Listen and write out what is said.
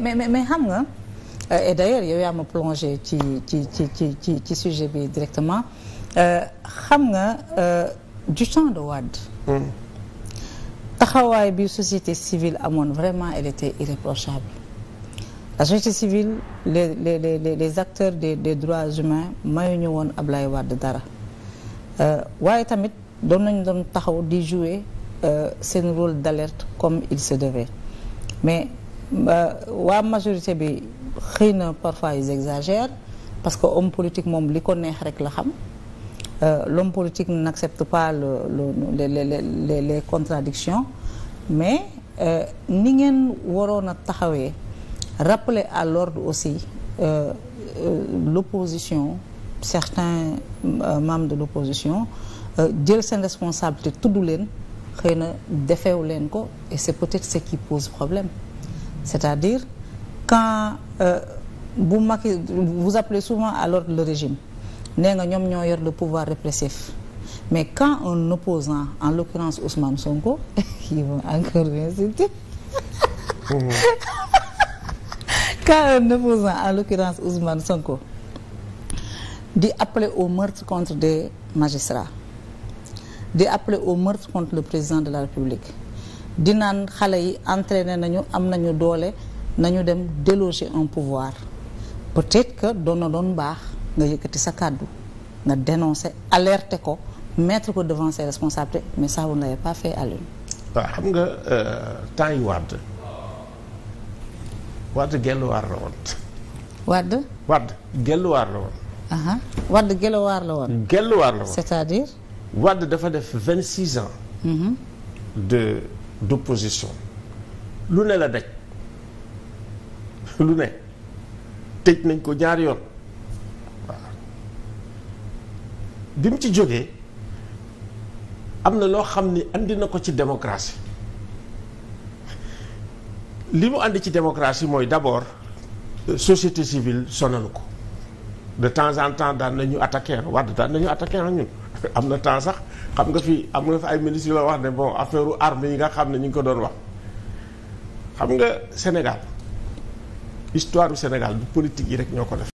mais mais mais xam nga euh, et d'ailleurs yow yaa ma plongé ci ci ci ci ci ci sujet bi directement xam nga euh, du temps de Wade hmm. taxawaay bi société civile amoon vraiment elle était irréprochable la société civile les les les les acteurs des des droits humains mayuñu woon Ablaye Wade dara euh, waaye tamit doon nañu doon taxaw di jouer seen rôle d'alerte comme il se devait mais. Euh, waa majorité bi xëy na parfois ils parce que homme politique moom li ko neex rek la xam euh, l'homme politique n'accepte pas le le les les les contradictions mais euh, ni ngeen waroon a taxawee rappeler à l'ordre aussi euh, euh, l'opposition certains euh, membres de l'opposition jël seen responsabilité tudd leen xëy na defeewu leen ko et c'est peut-être ce qui pose problème c'est-à-dire quand bu euh, Macky vous appelez souvent à l'ordre le régime nee nga ñoom ñoo yor le pouvoir répressif mais quand un opposant en l'occurrence Ousmane Sonko ils vont encore m'insulter quand un opposant en l'occurrence Ousmane Sonko di appeler au meurtre contre de magistrats di appeler au meurtre contre le président de la République di naan xale yi entraîné nañu am nañu doole nañu dem déloger un pouvoir peut-être que doon na doon baax nga yëkkati sa kàddu nga dénoncer alerter ko mettre ko devant ses responsabilités mais ça vous ne l'avez pas fait Alioune. waaw xam nga euh, temps yi Wade Wade gelluwaar la woon. Wade. Wade gelluwaar la woon. Wade gelluwaar la woon. c'est-à-dire. Wade dafa def vingt six ans. Mm-hmm. d'opposition lu ne la daj lu ne tëj nañ ko ñaari yoon waaw bi mu ci jógee am na loo xam ni indi na ko ci démocratie li mu andi ci démocratie mooy d'abord euh, société civile sonalu ko de temps en temps daan nañu attaquer Wade daan ñu attaquer ñun. am na temps sax xam nga fi am na fi ay ministres la wax ne bon affaire armée yi nga xam ne ñu ngi ko doon wax xam nga Sénégal histoire du Sénégal du politique yi rek ñoo ko def